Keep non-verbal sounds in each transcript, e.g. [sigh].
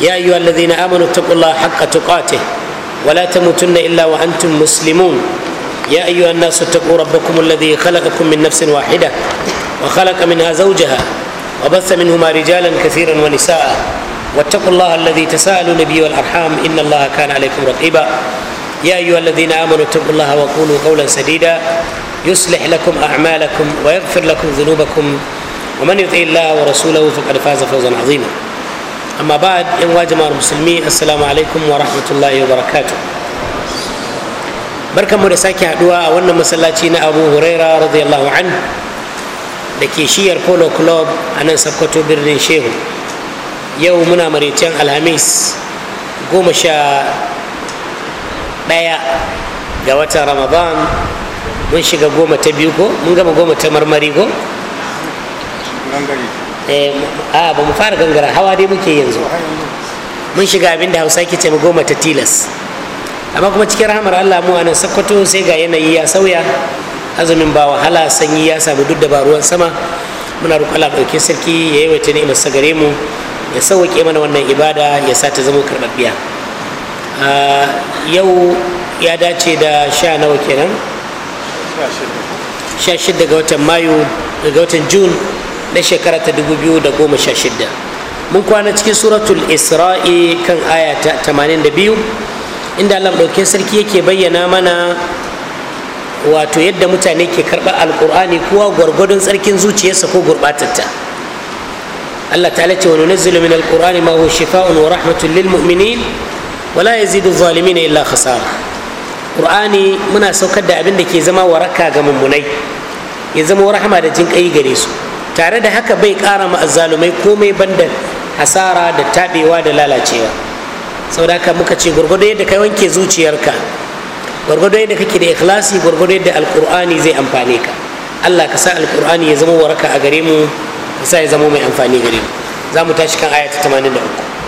يا ايها الذين امنوا اتقوا الله حق تقاته ولا تموتن الا وانتم مسلمون يا ايها الناس اتقوا ربكم الذي خلقكم من نفس واحده وخلق منها زوجها وبث منهما رجالا كثيرا ونساء واتقوا الله الذي تساءلوا نبي والارحام ان الله كان عليكم رقيبا يا ايها الذين امنوا اتقوا الله وقولوا قولا سديدا يصلح لكم اعمالكم ويغفر لكم ذنوبكم ومن يطع الله ورسوله فقد فاز فوزا عظيما amma ba yan jama'ar musulmi assalamu alaikum wa rahmatullahi wa barakatu mu da sake haduwa a wannan masallaci na abu huraira radiyallahu an da ke shiyar polo club a nan sakkwato birnin shehu yau muna maraicen alhamis goma sha ɗaya ga watan ramadan mun shiga goma ta biyu ko mun gama goma ta marmari ko Eh, a ba mu fara gangara hawa dai muke yanzu mun shiga abin da hausa ke ce mu goma ta tilas amma kuma cikin rahamar allah mu a nan sakkwato sai ga yanayi ya sauya azumin ba wahala sanyi ya samu duk da ba ruwan sama muna roƙon allah ɗauke sarki ya yi yawaita ni'imar sa gare mu ya sauƙe mana wannan ibada ya sa ta zama karɓaɓɓiya yau ya dace da sha nawa kenan sha shida ga watan mayu ga watan june na shekara ta 2016 mun kwana cikin suratul isra'i kan aya ta 82 inda allah ɗauke sarki yake bayyana mana wato yadda mutane ke karɓar alƙur'ani kowa gwargwadon tsarkin zuciyarsa ko gurɓatatta allah ta ce wani nazzilu min alƙur'ani ma huwa shifa'un wa rahmatun lil mu'minin wala yazidu zalimina illa khasara qur'ani muna saukar da abin da ke zama waraka ga mummunai ya zama rahama da jin kai gare su tare da haka bai kara ma azzalumai komai banda asara da tabewa da lalacewa sau da muka ce gwargwado yadda kai wanke zuciyarka gwargwado yadda kake da ikhlasi gwargwado yadda alkur'ani zai amfane ka allah ka sa alkur'ani ya zama waraka a gare mu ka sa ya zama mai amfani gare mu za mu tashi kan aya ta 83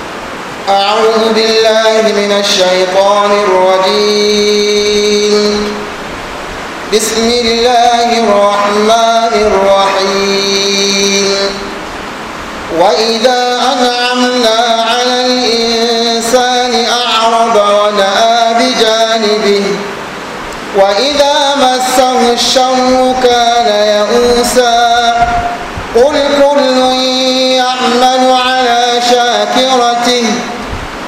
أعوذ بالله من الشيطان الرجيم بسم الله الرحمن الرحيم وإذا أنعمنا على الإنسان أعرض ونأى بجانبه وإذا مسه الشر كان يئوسا قل كل يعمل على شاكرته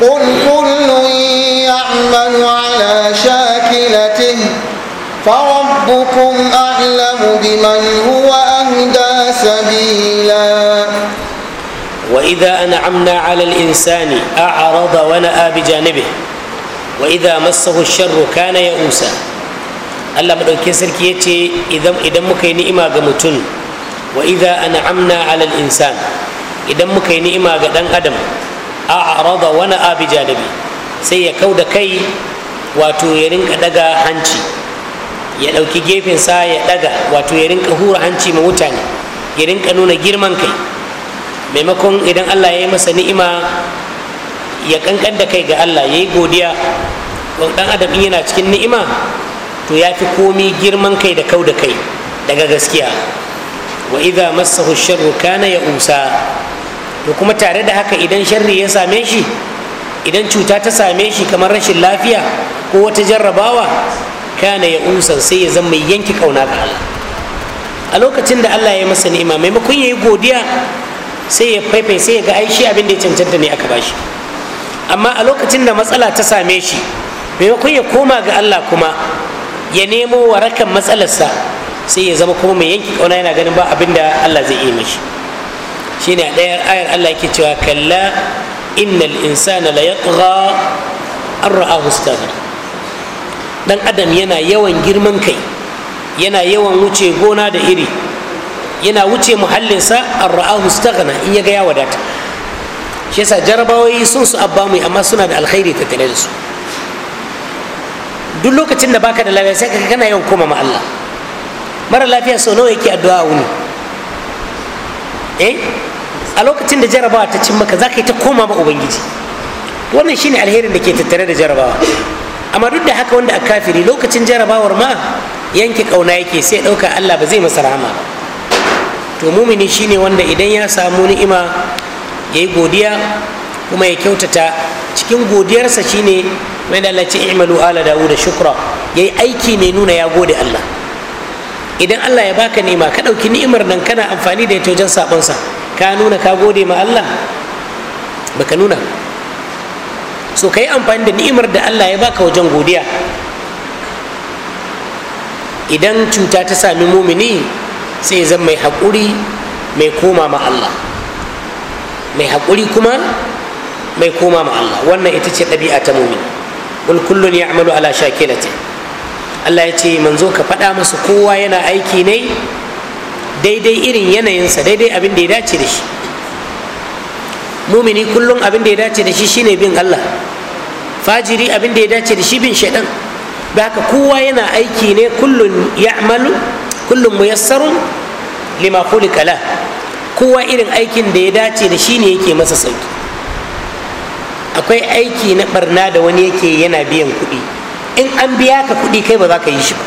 قل كل يعمل على شاكلته فربكم أعلم بمن هو أهدى سبيلاً وإذا أنعمنا على الإنسان أعرض ونأى بجانبه وإذا مسه الشر كان يئوسا Allah maɗauki sarki ya ce idan muka yi ni'ima ga mutum wa idza an'amna 'alal insan idan muka ga ɗan adam a'rada wa na'a sai ya kauda kai wato ya rinka daga hanci ya dauki gefen sa ya daga wato ya rinka hura hanci ma mutane ya rinka nuna girman kai maimakon idan allah ya yi masa ni'ima ya kankan da kai ga allah ya yi godiya ɗan adam in yana cikin ni'ima to ya fi komi girman kai da kau da kai daga gaskiya wa idza massahu sharru kana ya usa to kuma tare da haka idan sharri ya same shi idan cuta ta same shi kamar rashin lafiya ko wata jarrabawa kana ya usa sai ya zama yanki kauna ga Allah a lokacin da Allah ya masa ni'ima maimakon ya yi godiya sai ya faifai sai ya ga ai shi abin da ya cancanta ne aka bashi amma a lokacin da matsala ta same shi maimakon ya koma ga Allah kuma ya nemo warakan matsalarsa sai ya zama kuma mai yanki kauna yana ganin ba abin da Allah zai yi shi shine a ɗayar ayar Allah yake cewa kalla innal insana la yatgha an ra'ahu dan adam yana yawan girman kai yana yawan wuce gona da iri yana wuce muhallinsa an ra'ahu staghna in ya ga ya wadata shi yasa jarabawai sun su abba mai amma suna da alkhairi tattare da su duk lokacin da baka da lafiya sai ka kana yawan koma ma Allah mara lafiya sau nawa yake addu'a wuni eh a lokacin da jarabawa ta cin maka zaka yi ta koma ma ubangiji wannan shine alherin da ke tattare da jarabawa amma duk da haka wanda a kafiri lokacin jarabawar ma yanke kauna yake sai ɗauka Allah ba zai masa rahama ba to mumini shine wanda idan ya samu ni'ima ya yi godiya kuma ya kyautata cikin godiyarsa shine mai da ce i'malu ala da shukra ya yi aiki mai nuna ya gode allah idan allah ya baka ni'ima ka ɗauki ni'imar nan kana amfani da ita wajen saɓonsa ka nuna ka gode ma allah baka nuna so ka yi amfani da ni'imar da allah ya baka wajen godiya idan cuta ta sami mumini sai zan mai haƙuri mai koma ma Allah mai haƙuri kuma mai koma ma Allah wannan ita ce ɗabi'a ta mumin kul kullun amalu ala shakilati Allah ya ce manzo ka faɗa musu kowa yana aiki ne daidai irin yanayinsa daidai abin da ya dace da shi mumini kullum abin da ya dace da shi shine bin Allah fajiri abin da ya dace da shi bin shaidan ba haka kowa yana aiki ne kullun amalu kullum muyassarun lima khuliqa la kowa irin aikin da ya dace da shi ne yake masa sauki akwai aiki na barna da wani yake yana biyan kuɗi in an biya ka kuɗi kai ba za ka yi shi ba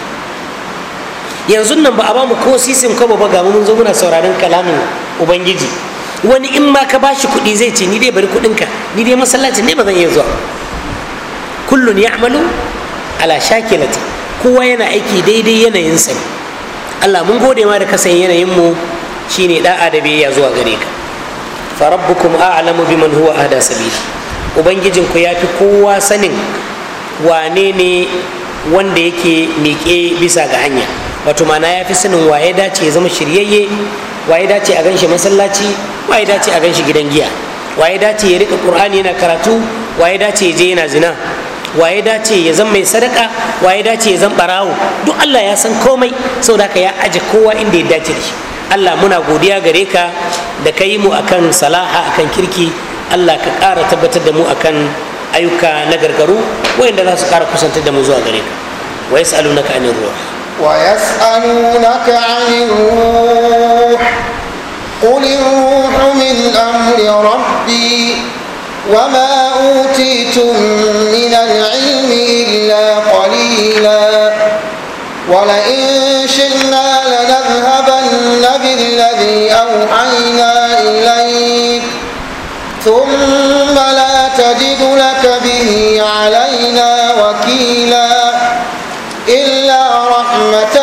yanzu nan ba a bamu ko sisin kwabo ba ga mun zo muna sauraron kalamin ubangiji wani in ma ka bashi kuɗi zai ce ni dai bari kuɗin ka ni dai masallaci ne ba zan iya zuwa kullun ya'malu ala shakilati kowa yana aiki daidai yanayinsa ne Allah mun gode ma da kasan yanayin mu shine da da ya zuwa gare ka fa rabbukum a'lamu biman huwa ahda sabila ubangijin ku yafi kowa sanin wane ne wanda yake miƙe bisa ga hanya wato ya fi sanin waye dace ya zama shiryayye waye dace a ganshi masallaci waye dace a ganshi gidan giya waye dace ya rika qur'ani yana karatu waye dace ya je yana zina Wa ya dace ya zan mai sadaka wa ya dace ya zan barawo duk Allah ya san komai saboda haka ya aje kowa inda ya dace da shi Allah muna godiya gare ka da kai mu akan salaha akan kirki Allah ka ƙara tabbatar da mu akan ayyuka na gargaru wayanda za su ƙara kusantar da mu zuwa gare ka wa yas'alunaka an ruh wa yas'alunaka an ruh qul ruhu min amri Rabbi. وما أوتيتم من العلم إلا قليلا ولئن شئنا لنذهبن بالذي أوحينا إليك ثم لا تجد لك به علينا وكيلا إلا رحمة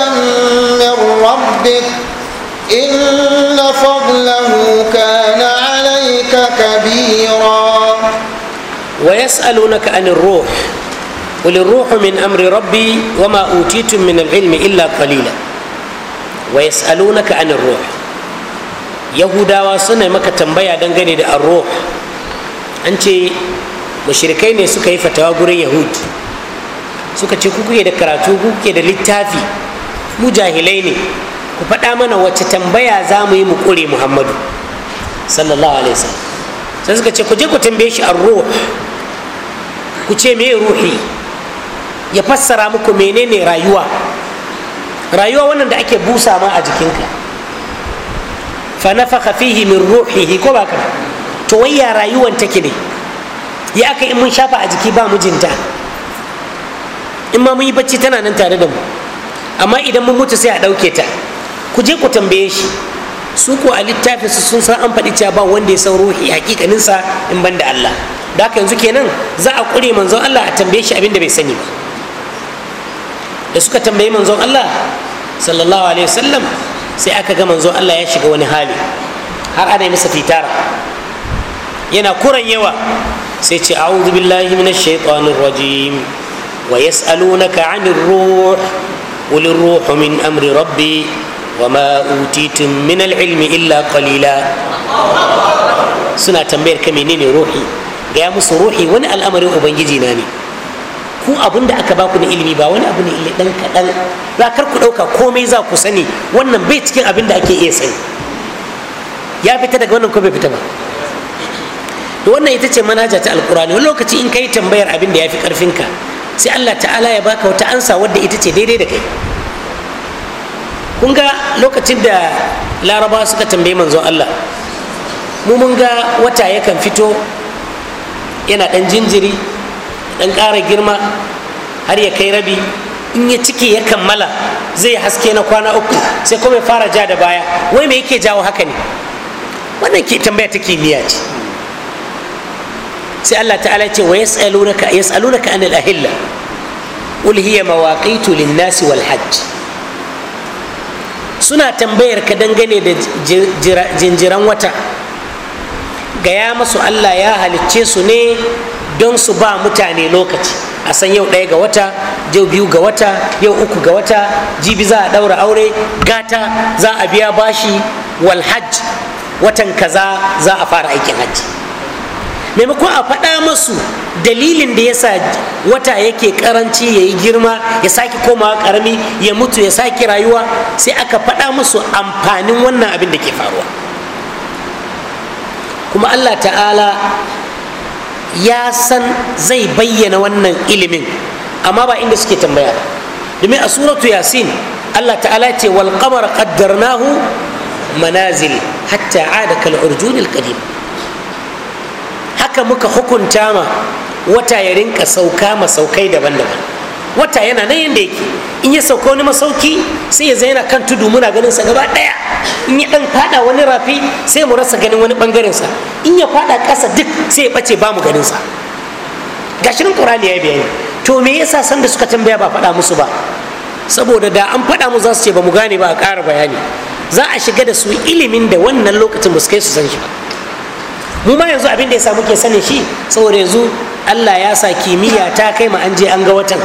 ويسألونك عن الروح قل الروح من أمر ربي وما أوتيتم من العلم إلا قليلا ويسألونك عن الروح yahudawa suna maka tambaya dangane da arruh an ce mushrikai ne suka yi fatawa gurin yahud suka ce kuke da karatu ku kuke da littafi ku jahilai ne ku faɗa mana wacce tambaya za mu yi mu ƙure muhammadu sallallahu alaihi wasallam sai suka ce ku je ku tambaye shi arruh ku ce me ruhi ya fassara muku menene rayuwa rayuwa wannan da ake busa ma a jikinka fa nafakha fihi min ruhihi ko baka to wai ya rayuwan take ne ya aka in mun shafa a jiki ba mijinta in ma mun yi bacci tana nan tare da mu amma idan mun mutu sai a ɗauke ta ku je ku tambaye shi su ko a littafinsu sun san an faɗi cewa ba wanda ya san ruhi hakikaninsa in ban da Allah da haka yanzu kenan za a ƙure manzon Allah a tambaye shi abin da bai sani ba da suka tambayi manzon Allah sallallahu alaihi wasallam sai aka ga manzon Allah ya shiga wani hali har ana yi masa fitara yana kuran yawa sai ce a'udhu billahi minash shaitanir rajim wa yas'alunaka 'anir ruh qul ar min amri rabbi wama utitum min al-ilmi illa qalila suna tambayar ka menene ruhi gaya musu ruhi wani al'amarin ubangiji na ne ku abin da aka baku na ilimi ba wani abu ne ile dan kaɗan za kar ku ɗauka komai za ku sani wannan bai cikin abin da ake iya sani ya fita daga wannan ko bai fita ba to wannan ita ce manaja ta alkurani wani lokaci in kai tambayar abin da ya fi ƙarfinka sai allah ta'ala ya baka wata ansa wadda ita ce daidai da kai kun ga lokacin da larabawa suka tambayi manzon allah mu mun ga wata yakan fito yana ɗan jinjiri ɗan ƙara girma har ya kai rabi in ya cike ya kammala zai haske na kwana uku sai kuma ya fara ja da baya wai me yake jawo haka ne wannan ke tambaya ta kimiyya ce sai Allah ta'ala ce wa yas'alunaka yas'alunaka anil ahilla qul hiya mawaqitu lin-nasi wal hajj suna tambayar ka dangane da jinjiran wata gaya masu allah ya halicce su ne don su ba mutane lokaci a san yau ɗaya ga wata yau biyu ga wata yau uku ga wata jibi za a ɗaura aure gata za a biya bashi walhajj watan kaza za a fara aikin hajji maimakon a faɗa masu dalilin da ya sa wata yake karanci ya yi girma ya sake komawa karami ya mutu ya sake rayuwa sai aka faɗa masu amfanin wannan abin da ke faruwa kuma allah ta'ala ya san zai bayyana wannan ilimin amma ba inda suke tambaya ba domin a suratu yasin allah ta'ala ce wal qamar qaddarnahu manazil hatta ada kal urjunil qadim haka muka hukunta ma wata ya rinka sauka masaukai daban-daban wata yana nan yadda yake in ya sauko wani masauki sai ya yana kan tudu muna ganin sa gaba daya in ya dan fada wani rafi sai mu rasa ganin wani bangaren sa in ya fada kasa duk sai ya bace bamu ganin sa gashirin qur'ani ya bayani to me yasa sanda suka tambaya ba fada musu ba saboda da an fada mu za su ce ba mu gane ba a ƙara bayani za a shiga da su ilimin da wannan lokacin ba kai su san shi ba mu ma yanzu abin da ya sa muke sanin shi saboda yanzu Allah ya sa kimiyya ta kai ma an je an ga watan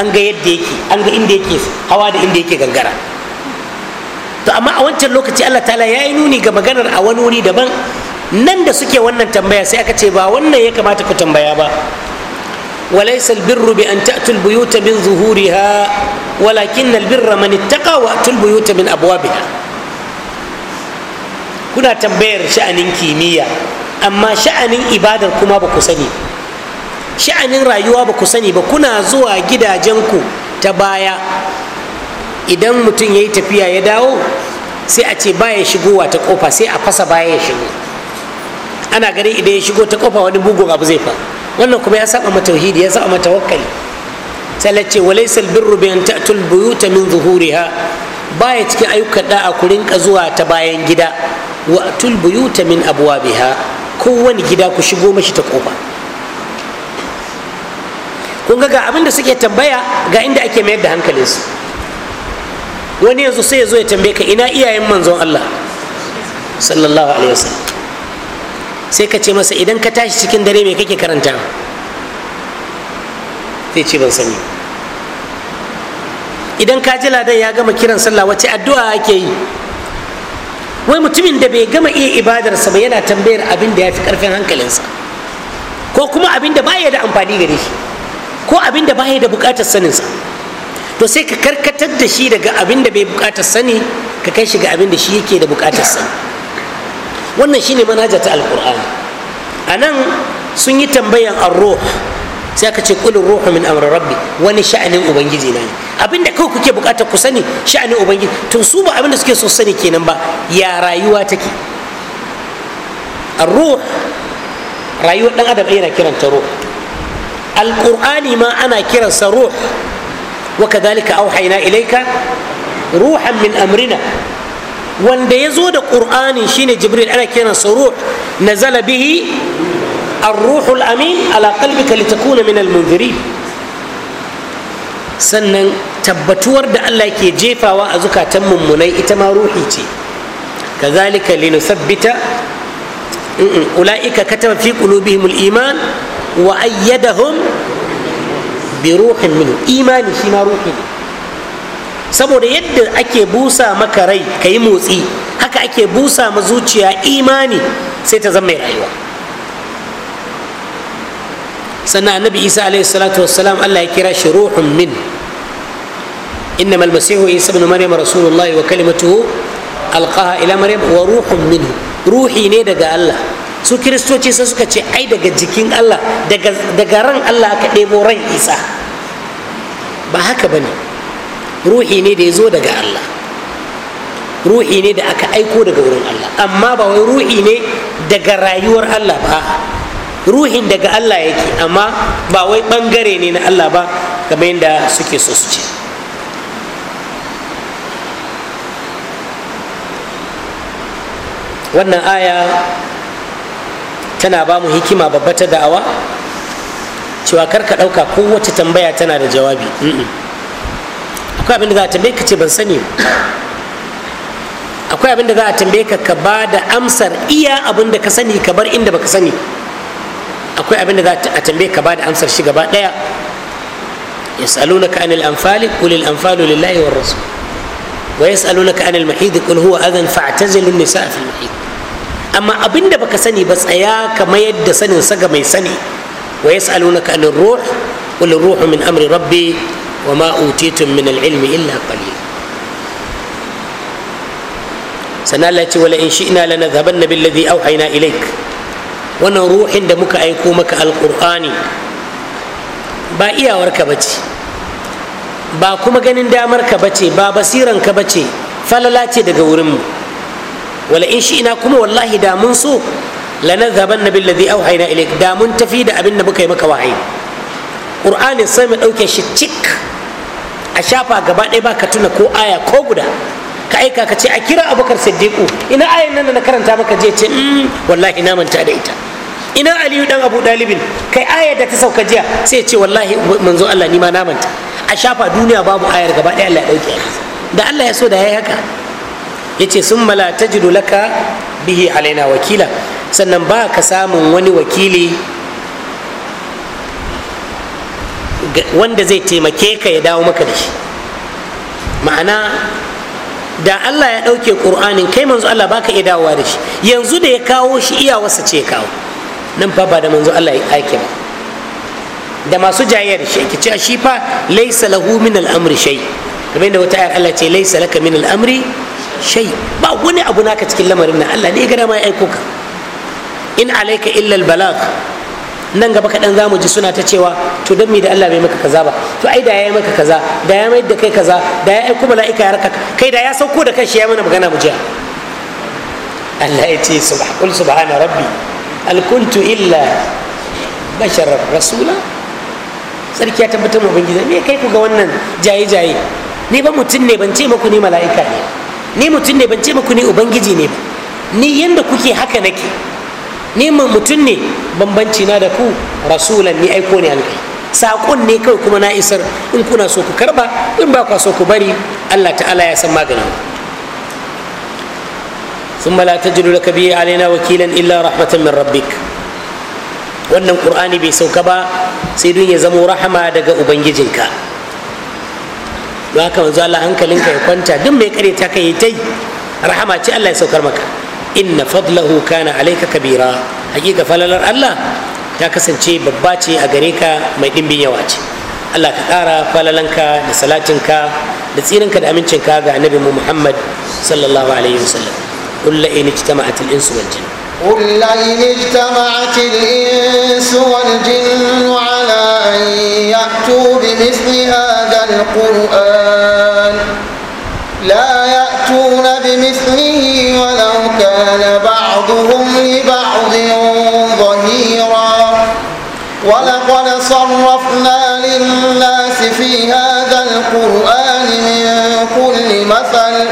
an ga yadda yake an ga inda yake hawa da inda yake gangara to amma a wancan lokaci Allah ta'ala ya yi nuni ga maganar a wani wuri daban nan da suke wannan tambaya sai aka ce ba wannan ya kamata ku tambaya ba وليس البر بأن تأتوا البيوت من ظهورها ولكن البر من اتقى وأتوا البيوت من أبوابها كنا تنبير شأن كيمياء أما شأن إبادة كما بكسني sha'anin rayuwa ba ku sani ba kuna zuwa gidajenku ta baya idan mutum ya yi tafiya ya dawo sai a ce baya shigowa ta kofa sai a fasa baya ya shigo ana ganin idan ya shigo ta kofa wani bugun abu zai fa wannan kuma ya saba mata tauhidi ya saba mata wakali. sai ce walaysal birru bi ta'tul buyuta min zuhuriha baya cikin ayyukan a ku rinka zuwa ta bayan gida wa tul buyuta min abwabiha kowane gida ku shigo mashi ta kofa kun ga abin da suke tambaya ga inda ake mayar da hankalinsu wani yanzu sai ya zo ya tambaye ka ina iyayen manzon Allah sallallahu alaihi wasallam sai ka ce masa idan ka tashi cikin dare me kake karanta sai ce ban sani idan ka ji ladan ya gama kiran sallah wace addu'a ake yi wai mutumin da bai gama iya ibadarsa ba yana tambayar abin da ya fi karfin hankalinsa ko kuma abinda da ba ya da amfani gare shi ko abin da baya da buƙatar saninsa to sai ka karkatar da shi daga abin da bai bukatar sani ka kai shi ga abin da shi yake da buƙatar sani wannan shine manhaja ta alƙur'ani a nan sun yi tambayan arruh sai aka ce kulin ruhu min amri rabbi wani sha'anin ubangiji na ne abin da kawai kuke bukatar ku sani sha'anin ubangiji to su ba abin da suke so sani kenan ba ya rayuwa take arruh rayuwar dan adam na kiranta ruh alƙur'ani ma ana kiransa ruh wa kadhalika auhayna ilaika ruhan min amrina wanda ya zo da ƙur'ani shine jibril ana kiransa ruh nazala bihi الروح الأمين على قلبك لتكون من sannan tabbatuwar da Allah ke jefawa a zukatan mummunai ita ma ruhi ce kazalika linusabbita ulaika kataba fi qulubihim al-iman wa ayyadahum bi ruhin minhu imani shi ma ruhi saboda yadda ake busa maka rai ka yi motsi haka ake busa ma zuciya imani sai ta zama mai rayuwa sannan annabi isa alaihi salatu wassalam allah ya kira shi ruhun min innama almasihu isa ibn maryam rasulullahi wa kalimatuhu alqaha ila maryam wa ruhun minhu ruhi ne daga allah su kiristoci sai suka ce ai daga jikin allah daga ran allah aka ɗebo ran isa ba haka ba ne ruhi ne da ya zo daga allah ruhi ne da aka aiko daga wurin allah amma ba wai ruhi ne daga rayuwar allah ba ruhin daga allah yake amma ba wai ɓangare ne na allah ba game da suke so su ce wannan aya tana ba mu hikima babba ta da'awa cewa kar ka ɗauka kowace tambaya tana da jawabi akwai abin da za a tambaye ka ce ban sani akwai abin da za a tambaye ka ka ba da amsar iya abin da ka sani ka bar inda baka sani akwai abin da za a tambaye ka ba da amsar shi gaba ɗaya yas'alunaka anil anfali qul al anfalu lillahi war rasul wa yas'alunaka anil mahid qul huwa adhan fa'tazilu an-nisaa fil mahid amma abin da baka sani ba tsaya ka mayar da sanin saga mai sani wa yas'alunaka anir ruh qul ruhu min amri rabbi wa ma utitum min al'ilmi illa qalil sana Allah ce wala in shi'na lanadhhabanna billadhi awhayna ilaik wannan ruhin da muka aiko maka alqur'ani ba iyawarka bace ba kuma ganin damar ka bace ba basiran ka bace falala ce daga wurin mu. wala in shi ina kuma wallahi da mun so lanadhaban nabil ladhi auhayna ilayk da mun tafi da abin da muka yi maka wahayi qur'ani sai mu dauke shi cik a shafa gaba ɗaya ba ka tuna ko aya ko guda ka aika ka ce a kira abubakar siddiqu ina ayan nan da na karanta maka je ce mm, wallahi na manta da ita ina aliyu dan abu dalibin kai ayar da ta sauka jiya sai ce wallahi manzo Allah ni ma na manta a shafa duniya babu ayar gaba ɗaya Allah ya dauke da Allah ya so da yayi haka yace sun mala tajidu laka bihi alaina wakila sannan ba ka samun wani wakili wanda zai taimake ka ya dawo maka da shi ma'ana da Allah ya ɗauke ƙur'anin kai manzo Allah ba ka iya dawowa da shi yanzu da ya kawo shi iyawarsa ce ya kawo nan fa ba da manzo Allah ya aike ba da masu jayayyar shi ake cewa shi fa laisa lahu min al'amri shay kamar yadda wata ayar Allah ce laisa laka min al'amri shay ba wani abu naka cikin lamarin nan Allah ne ya ma ya aiko ka in alaika illa albalagh nan gaba kaɗan za mu ji suna ta cewa to don mi da Allah bai maka kaza ba to ai da ya yi maka kaza da ya mai da kai kaza da ya aiko mala'ika ya raka kai da ya sauko da kanshi ya mana magana mu jiya Allah ya ce subhanal subhana rabbi al kuntu illa basharar rasula sarki ya tabbatar mu ubangiji me kai ku ga wannan jaye jaye ni ba mutum ne ban ce muku ni mala'ika ne ni mutum ne ban ce muku ni ubangiji ne ba ni yanda kuke haka nake ni mutum ne bambanci na da ku rasulan ni aiko ne alkai saƙon ne kawai kuma na isar in kuna so ku karba in ba kwa so ku bari allah ta'ala ya san maganin ثم ta تجد laka به alaina wakilan illa rahmatan min rabbik wannan ƙur'ani bai sauka ba sai dun ya zamo rahama daga ubangijinka don haka manzo Allah hankalinka ya kwanta duk mai ta ka yi tai rahama ce Allah ya saukar maka inna fadlahu kana alayka kabira hakika falalar Allah ta kasance babba ce a gare ka mai dimbin yawa ce Allah ka ƙara falalanka da salatinka da tsirinka da amincinka ga annabi mu Muhammad sallallahu alaihi wasallam قل لئن اجتمعت الإنس والجن قل لئن اجتمعت الإنس والجن على أن يأتوا بمثل هذا القرآن بمثله ولو كان بعضهم لبعض ظهيرا ولقد صرفنا للناس في هذا القرآن من كل مثل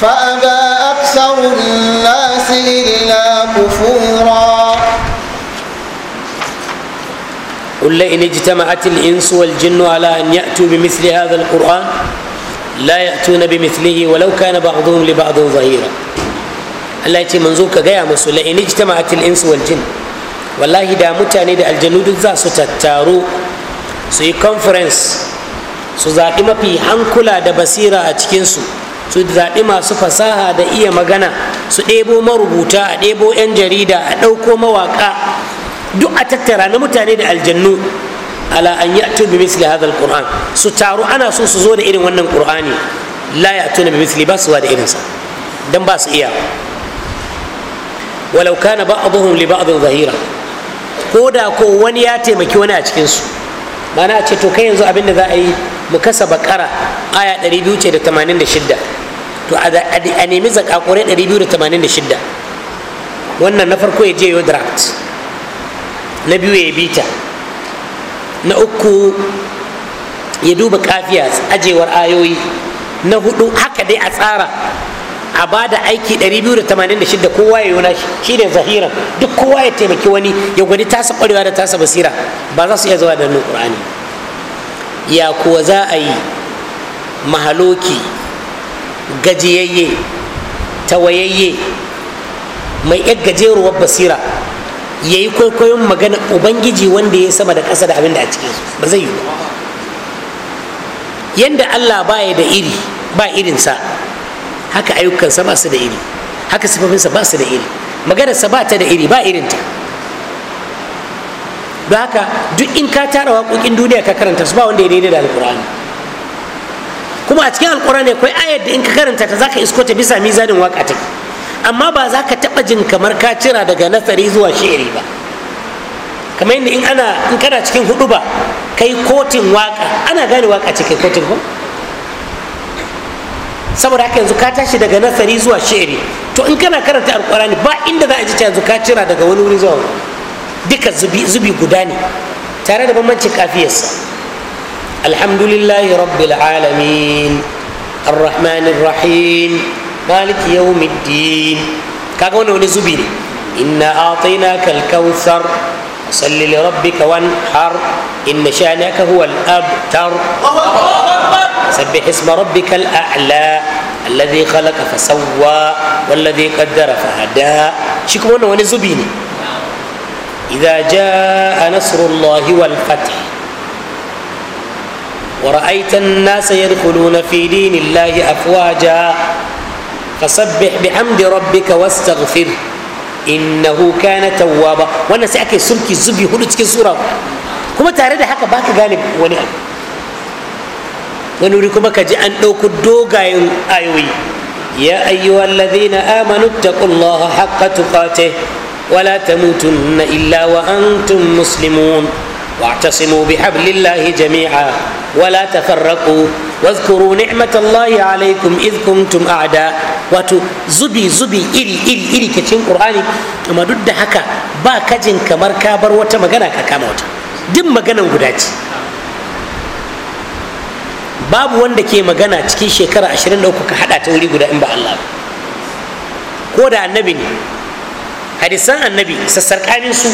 فأبى أكثر الناس إلا كفورا قل إن اجتمعت الإنس والجن على أن يأتوا بمثل هذا القرآن la ya'tuna bi mithlihi walau kana ba'dhum li ba'dhin zahira Allah ya ce manzo ka gaya musu la in ijtama'at al-ins wal jin wallahi da mutane da aljanu duk za su tattaru su yi conference su zaɓi mafi hankula da basira a cikinsu su zaɓi masu fasaha da iya magana su ɗebo marubuta a ɗebo 'yan jarida a ɗauko mawaƙa duk a tattara na mutane da aljannu ala an ya'tu bi misli hadha alquran su taru ana so su zo da irin wannan qur'ani la ya'tuna bi misli ba su da irin sa dan ba su iya walau kana ba'dhum li ba'd zahira ko da ko wani ya taimaki wani a cikin su mana a ce to kai yanzu abinda za a yi mu kasa bakara aya 286 to a nemi zakakure 286 wannan na farko ya je yo draft na biyu ya bita na uku ya duba kafiya ajewar ayoyi na hudu haka dai a tsara a ba da aiki 286 kowa ya yona shi ne zahiran duk kowa ya taimaki wani ya gwani tasa kwarewa da tasa basira ba za su iya zuwa da nan qur'ani ya kuwa za a yi mahaloki gajiyayye tawayayye mai yar gajeruwar basira ya yi kwaikwayon magana ubangiji wanda ya sama da ƙasa da abin da a cikin ba zai yi ba yadda allah baya da iri ba irinsa haka ayyukansa ba su da iri haka sifafinsa ba su da iri maganarsa ba ta da iri ba irinta don haka duk in ka tara waƙoƙin duniya ka karanta su ba wanda ya daidai da alƙur'ani kuma a cikin alƙur'ani akwai ayar da in ka karanta ta zaka isko ta bisa mizanin waƙa take amma ba za ka taɓa jin kamar ka cira daga nasari zuwa shi'iri ba kamar yadda in ana in kana cikin hudu ba kai kotin waka ana gane waka ce kai kotin ba saboda haka yanzu ka tashi daga nasari zuwa shi'iri to in kana karanta alkurani ba inda za a ji yanzu ka cira daga wani wuri zuwa wani duka zubi guda ne tare da bambancin kafiyarsa alhamdulillahi rabbil alamin arrahmanir rahim. مالك يوم الدين كاغون wani إنا أعطيناك الكوثر a'tainaka صل لربك وانحر إن شانك هو الأبتر سبح اسم ربك الأعلى الذي خلق فسوى والذي قدر فهدى شكون أنه ونزبيني إذا جاء نصر الله والفتح ورأيت الناس يدخلون في دين الله أفواجا fasabbih bihamdi rabbika wastaghfir innahu kana tawwaba wannan sai ake sulki zubi hudu cikin sura kuma tare da haka baka gane wani abu wani wuri kuma ka ji an ɗauko dogayen ayoyi ya ayyuhal ladhina amanu taqullaha haqqa tuqatih ولا تموتن wa antum مسلمون واعتصموا بحبل الله جميعا ولا تفرقوا واذكروا نعمة الله alaikum إذ كنتم أعداء wato zubi zubi iri iri iri kacin qur'ani amma duk da haka ba kajin kamar ka bar wata magana ka kama wata duk maganan guda ce babu wanda ke magana cikin shekara 23 ka haɗa ta wuri guda in ba Allah ko da annabi ne hadisan annabi sassarƙanin su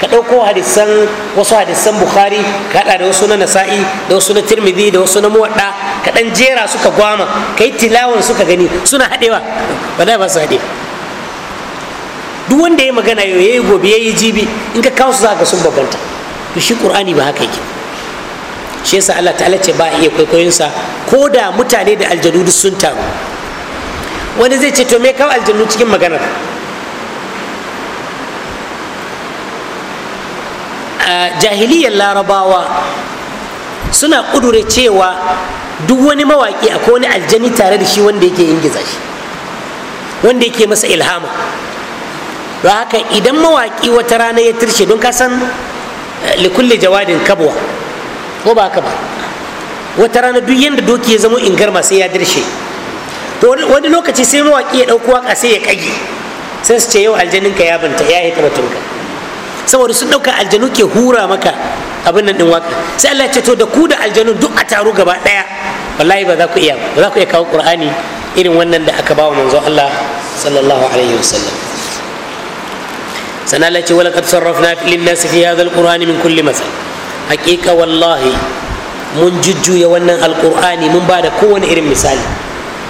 ka ɗauko hadisan wasu hadisan bukhari ka haɗa da wasu na nasa'i da wasu na tirmidhi da wasu na muwaɗa ka ɗan jera su ka gwama ka yi tilawan su ka gani suna haɗewa ba za ba su haɗe duk wanda ya magana yau ya yi gobe ya yi jibi in ka kawo su za ka sun babbanta to shi ƙur'ani ba haka yake shi yasa Allah ta'ala ce ba iya kwaikwayonsa ko da mutane da aljanu sun taru wani zai ce to me kawo aljanu cikin magana. jahiliyar larabawa suna kudure cewa duk wani mawaƙi akwai wani aljani tare da shi wanda yake yin shi wanda yake masa ilhama don haka idan mawaƙi wata rana ya tirshe don kasan eh, likulli jawadin kabwa ko ba haka ba wata rana duk yadda doki ya zama ingarma sai ya dirshe to wani lokaci sai mawaƙi ya ɗauko waƙa sai ya ƙage sai su ce yau aljaninka ya banta ya yi kamatunka saboda sun ɗauka aljanu ke hura maka abin nan ɗin waka sai Allah ce to da ku da aljanu duk a taro gaba ɗaya wallahi ba za ku iya ba za ku iya kawo ƙur'ani irin wannan da aka bawa manzo Allah sallallahu alaihi wasallam sana Allah ce wala qad sarrafna lin nas fi hadha alqur'ani min kulli masal haqiqa wallahi mun jujjuya wannan alqur'ani mun ba da kowane irin misali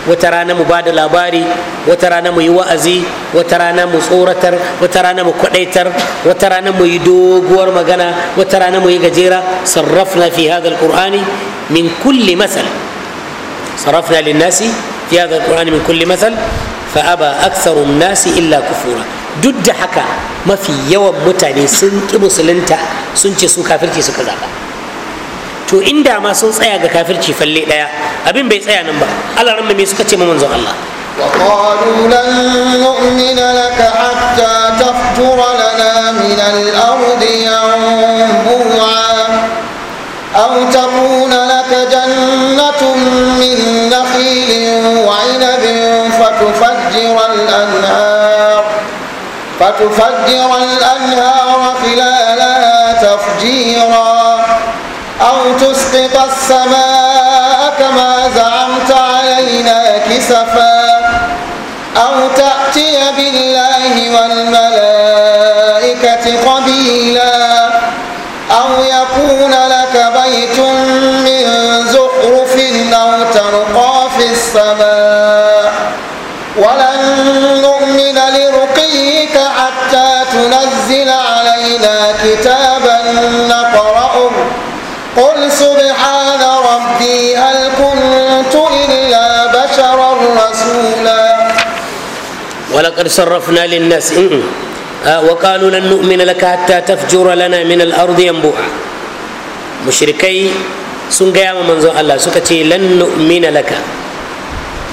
wata rana mu bada labari wata rana mu yi wa'azi wata rana mu tsoratar wata rana mu kwadaitar wata rana mu yi doguwar magana wata rana mu yi gajera sarrafna fi hadha alqur'ani min kulli masal sarrafna lin nasi fi hadha alqur'ani min kulli masal fa aba aktharu an nasi illa kufura duk da haka mafi yawan mutane sun ki musulunta sun ce su kafirci suka zaba to inda ma sun tsaya ga kafirci falle daya abin bai tsaya nan ba Allah ran me suka ce ma manzon Allah وقالوا لن نؤمن لك حتى تفجر لنا من الأرض ينبوعا أو تكون لك جنة من نخيل وعنب فتفجر الأنهار فتفجر الأنهار خلالها تفجيرا تسقط السماء كما زعمت علينا كسفا أو تأتي بالله والملائكة قبيلا أو يكون لك بيت من زخرف أو ترقى في السماء ولن نؤمن لرقيك حتى تنزل علينا كتابا نقرأه قل سبحانه ربي هل كنت إلا بشرا رسولا ولقد صرفنا للناس وقالوا لن نؤمن لك حتى تفجر لنا من الأرض ينبوعا مشركي sun gaya ma manzon Allah suka ce lan nu'mina laka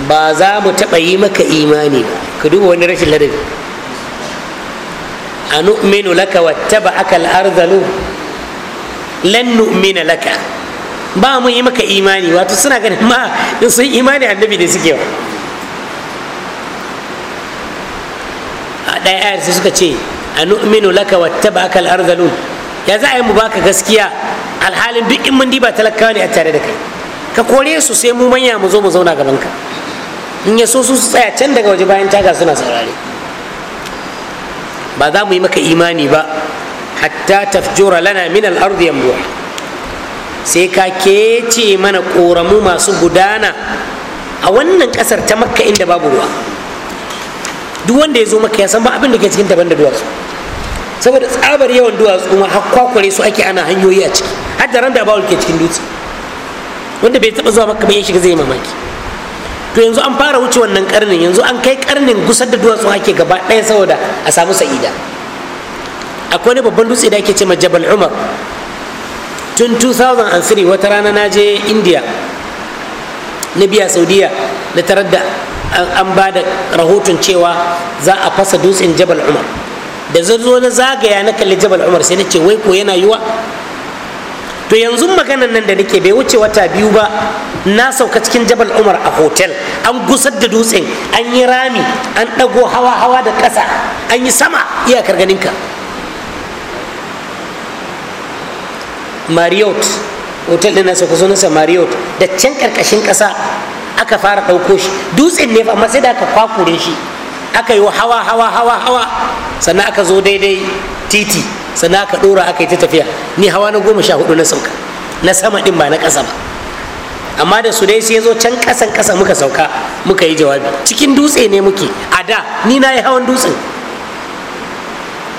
ba za mu taɓa yi maka imani ba ka duba wani rashin ladabi a nu'minu laka wattaba aka al'arzalu lan nu'mina laka ba mu yi maka imani wato suna ganin ma in sun imani annabi da suke wa a ɗaya ayar sai suka ce a nu'minu laka wattaba akal arzalun ya za a yi mu baka gaskiya alhalin duk in mun diba talakawa ne a tare da kai ka kore su sai mu manya mu zo mu zauna gaban ka in ya so su tsaya can daga waje bayan taga suna saurare ba za mu yi maka imani ba hatta tafjura lana min al-ardi yanbu'a sai ka kece mana ƙoramu masu gudana a wannan ƙasar ta makka inda babu ruwa duk wanda ya zo maka ya san ba abin da ke cikin daban da duwatsu saboda tsabar yawan duwatsu kuma har kwakware su ake ana hanyoyi a ciki har da randa bawul ke cikin dutse wanda bai taɓa zuwa maka ba ya shiga zai mamaki to yanzu an fara wuce wannan karnin yanzu an kai karnin gusar da duwatsu ake gaba ɗaya saboda a samu sa'ida akwai wani babban dutse da ake ce ma jabal umar tun 2003 wata rana na je india na biya saudiya na tarar da an ba da rahoton cewa za a fasa dutsen jabal umar da zo na zagaya na kalli jabal umar sai na ce wai ko yana yiwa to yanzu maganan nan da nake bai wuce wata biyu ba na sauka cikin jabal umar a hotel an gusar da dutsen an yi rami an ɗago hawa hawa da ƙasa an yi sama iyakar ganinka mariot hotel din nasa kusa nasa mariot da can karkashin kasa aka fara ɗauko shi dutsen ne amma sai da aka kwakure shi aka yi hawa hawa hawa hawa sannan aka zo daidai titi sannan aka ɗora aka yi ta tafiya ni hawa na goma sha hudu na sauka na sama ɗin ba na ƙasa ba amma da su dai sai zo can ƙasan ƙasa muka sauka muka yi jawabi cikin dutse ne muke a da ni na yi hawan dutsen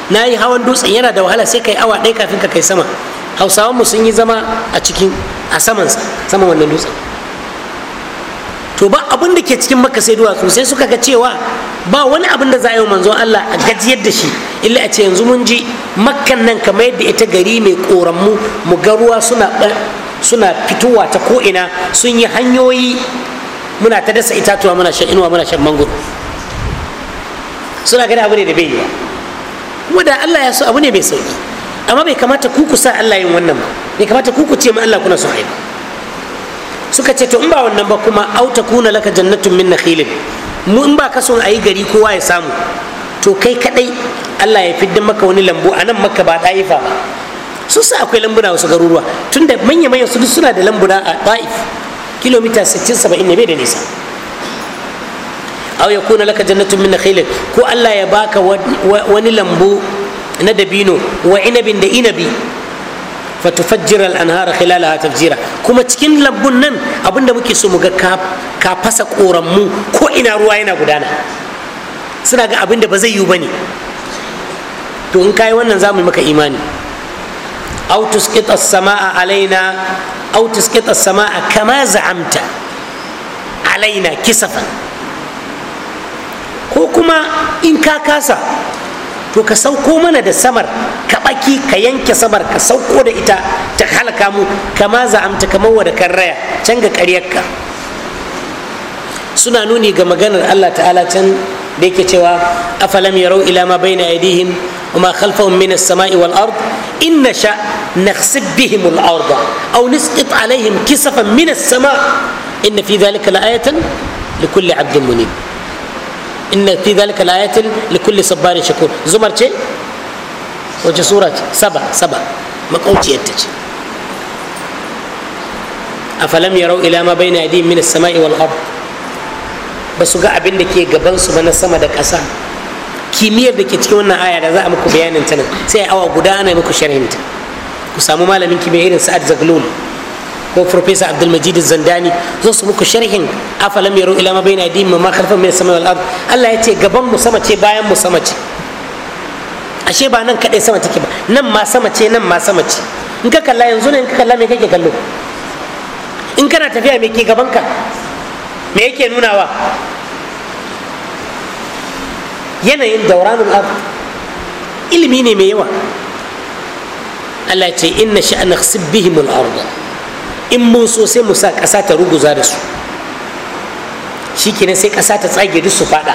na yi hawan dutsen yana da wahala sai kai awa ɗaya kafin ka kai sama hausawan mu sun yi zama a cikin a saman saman wannan dutsen to ba abin da ke cikin makka sai duwatsu sai suka ga cewa ba wani abin da za a yi manzo Allah a gajiyar da shi illa a ce yanzu mun ji makkan nan kamar yadda ita gari mai koran mu ga ruwa suna suna fitowa ta ko'ina sun yi hanyoyi muna ta dasa itatuwa muna shan inuwa muna shan mangoro suna gani abu ne da bai wa, kuma da Allah ya so abu ne mai sauki amma bai kamata ku ku sa Allah yin wannan ba bai kamata ku ku ce ma Allah kuna son ai suka ce to in ba wannan ba kuma au takuna laka jannatun min nakhilin mu in ba ka son ayi gari kowa ya samu to kai kadai Allah ya fidda maka wani lambu a nan maka ba da'ifa ba su sa akwai lambuna wasu garuruwa tunda manya manyan su suna da lambuna a da'if kilomita 60 70 ne bai da nisa au yakuna laka jannatun min nakhilin ko Allah ya baka wani lambu na dabino wa inabin da inabi fatufajjira al'anhara khilalaha tafjira kuma cikin lambun nan abinda muke so mu ga ka fasa koranmu ko ina ruwa yana gudana suna ga abinda ba zai yiwu bane to in kai wannan zamu maka imani aw tusqit as-samaa alaina aw tusqit as-samaa kama za'amta alaina kisafan ko kuma in ka kasa to ka sauko mana da samar ka baki ka yanke samar ka sauko da ita ta halaka mu kama za'amta kamar wa da raya can ga ƙaryarka suna nuni ga maganar Allah ta'ala can da yake cewa afalam yarau ila ma baina aidihim wa ma khalfahum min as-sama'i wal ard in nasha nakhsib bihim al-ard aw nisqit alaihim kisafan min as-sama' inna fi dhalika la ayatan likulli 'abdin munib inna fi dhalika layatin li kulli sabbarin shakur zumar ce wace sura ce saba saba makauciyar ta ce afalam yarau ila ma na yadihim min samai wal ard basu ga abin da ke gaban su ba na sama da ƙasa kimiyyar da ke cikin wannan aya da za a muku bayanin ta nan sai awa guda ana muku sharhinta ku samu malamin kimiyya irin sa'ad zaglul ko professor abdulmajid zandani zo su muku sharhin afalam yaro ila ma bayna aydihim ma khalfahum min samai wal ard Allah ya ce gaban mu sama ce bayan mu sama ce ashe ba nan kadai sama take ba nan ma sama ce nan ma sama ce in ka kalla yanzu ne in ka kalla me kake kallo in kana tafiya me ke gaban ka me yake nunawa yanayin dauranul ard ilimi ne mai yawa Allah ya ce inna sha'na khsib bihim al-ardh in mun so sai mu ƙasa ta ruguza da su shi kenan sai ƙasa ta tsage duk su faɗa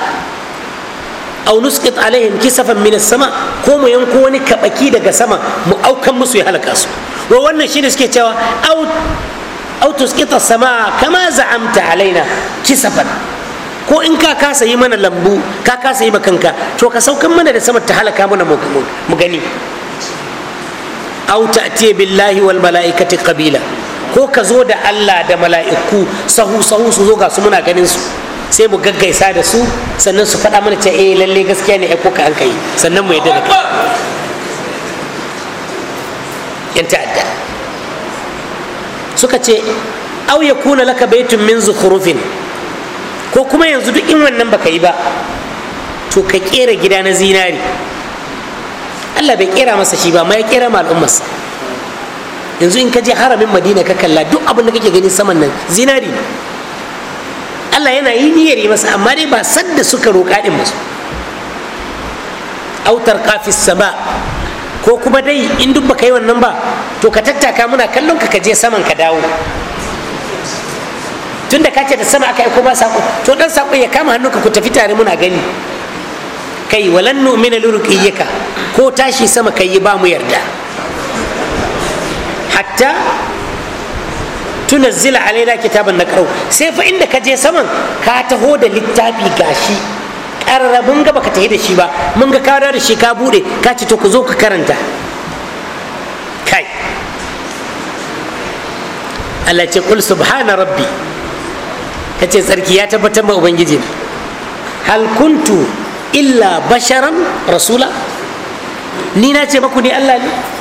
aw nusqit alaihim kisafan minas sama ko mu yanko wani kaɓaki daga sama mu aukan musu ya halaka su wa wannan shi ne suke cewa aw aw tusqita sama kama za'amta alaina kisafan ko in ka kasa yi mana lambu ka kasa yi makanka to ka saukan mana da sama ta halaka mana mu gani aw ta'ti billahi wal mala'ikati qabila ko ka zo da allah da mala'iku sahu sahu su zo ga su muna ganin su sai mu gaggaisa da su sannan su faɗa mana ce eh lalle gaskiya ne ko ka an kai sannan mu yadda da kai yan ta'adda suka ce au ya kuna laka baitun min zukhrufin ko kuma yanzu duk in wannan baka yi ba to ka kera gida na zinari Allah bai kera masa shi ba ma ya kera ma al'ummarsa yanzu in ka je haramin madina ka kalla duk abin da kake gani saman nan zinari Allah yana yi niyyar masa amma dai ba sadda suka roƙa din ba autar kafis sama ko kuma dai in duk baka yi wannan ba to ka tattaka muna kallon ka ka je saman ka dawo tun da kace da sama aka aiko ba sako to dan sako ya kama hannu ka ku tafi tare muna gani kai walan nu'mina liruqiyyaka ko tashi sama kai ba mu yarda hatta tunazzila alaina kitaban na karo sai fa inda ka je saman ka taho da littafi gashi ƙarara mun ga baka tafi da shi ba mun ga ka da shi ka bude ka to ku zo ka karanta kai Allah ce kul subhana rabbi ka ce tsarki ya tabbatar ma ubangiji hal kuntu illa basharan rasula ni na ce maku ni Allah ne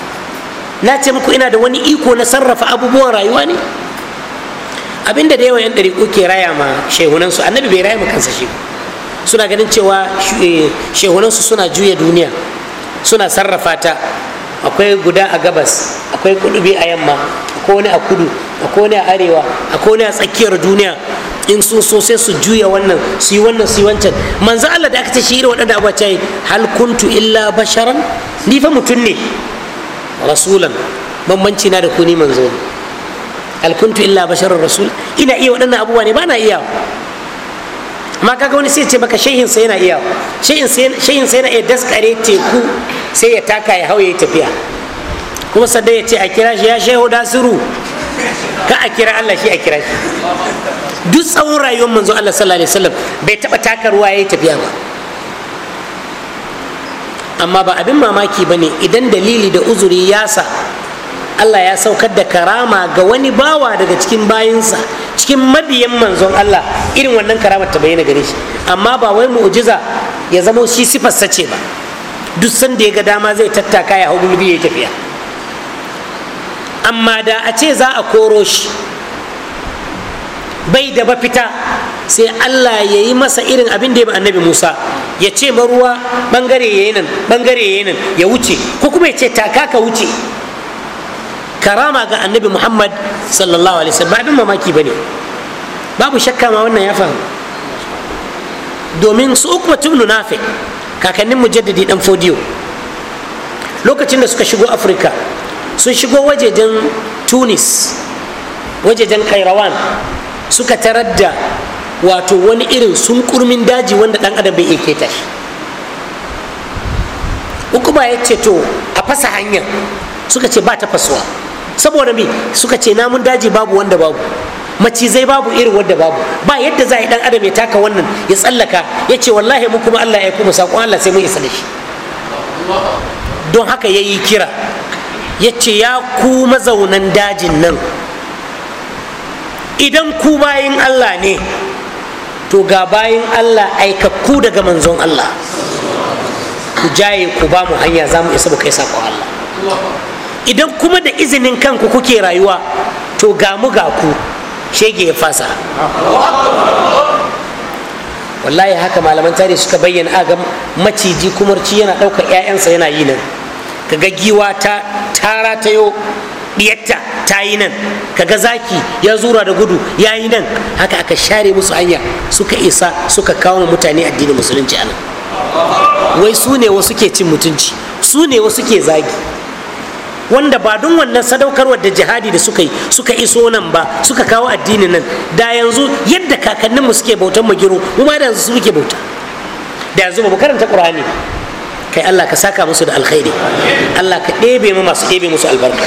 na ce muku ina da wani iko na sarrafa abubuwan rayuwa ne abinda da yawa yan ɗari ke raya ma shehunansu annabi bai raya ma kansa shi suna ganin cewa eh, shehunansu suna juya duniya suna sarrafa ta akwai guda a gabas akwai kudubi a yamma akwai wani a kudu akwai wani a arewa akwai wani a tsakiyar duniya in sun so sai su juya wannan su yi wannan su yi wancan manzo Allah da aka ce shi irin waɗanda abuwa ce hal kuntu illa basharan ni fa mutum ne rasulan bambanci na da kuni ni manzo ne alkuntu illa basharar rasul ina iya waɗannan abubuwa ne ba na iya amma kaga wani sai ce maka shehin sa yana iya shehin sa yana iya daskare teku sai ya taka ya hau ya tafiya kuma sadai ya ce a kira shi ya shehu dasiru ka a kira Allah shi a kira shi duk tsawon rayuwar manzo Allah sallallahu alaihi wasallam bai taba taka ruwa ya yi tafiya ba amma ba abin mamaki ba ne idan dalili da uzuri ya sa allah ya saukar da karama ga wani bawa daga cikin bayinsa cikin mabiyan manzon allah irin wannan karamar ta bayyana gare shi amma ba wai mu'jiza ya zamo shi sifarsa ce ba duk sanda ya ga dama zai tattaka ya hau gulbi ya tafiya amma da a ce za a koro shi bai da ba fita sai allah ya yi masa irin abin da ya ba annabi musa ya ce maruwa bangare yi nan bangare yi nan ya wuce ko kuma ya ce taka ka wuce karama ga annabi muhammad sallallahu alaihi wasallam ba abin mamaki bane babu shakka ma wannan ya faru domin su uku ibn nunafe kakannin mujaddadi dan fodiyo lokacin da suka shigo afirka sun shigo wajejen tunis wajejen kairawan suka tarar da wato wani irin sun kurmin daji wanda dan adam bai iya keta shi hukuma ya ce to a fasa hanyar suka ce ba ta fasuwa saboda me suka ce namun daji babu wanda babu macizai babu irin wanda babu ba yadda za a yi dan adam ya taka wannan ya tsallaka ya ce wallahi mu kuma Allah ya kuma saƙon Allah sai mun isa da shi don haka ya yi kira ya ce ya ku mazaunan dajin nan idan ku bayin Allah ne to ga bayan Allah aikakku daga manzon Allah ku jaye ku ba mu hanya za mu isa mu kai saƙon Allah idan kuma da izinin kanku kuke rayuwa to ga mu ga ku shege ya fasa wallahi haka malaman tare suka bayyana aga maciji kumarci yana ɗaukar 'ya'yansa yana yi nan kaga giwa ta tara ta yo ɗiyatta ta yi nan kaga zaki ya zura da gudu ya yi nan haka aka share musu hanya suka isa suka kawo mutane addinin musulunci a wai su ne wasu ke cin mutunci su ne wasu ke zagi wanda ba don wannan sadaukarwar da jihadi da suka yi suka iso nan ba suka kawo addinin nan da yanzu yadda kakanninmu suke bautan magiro mu ma da yanzu su muke bauta da yanzu ba karanta qur'ani kai Allah ka saka musu da alkhairi Allah ka ɗebe mu masu ɗebe musu albarka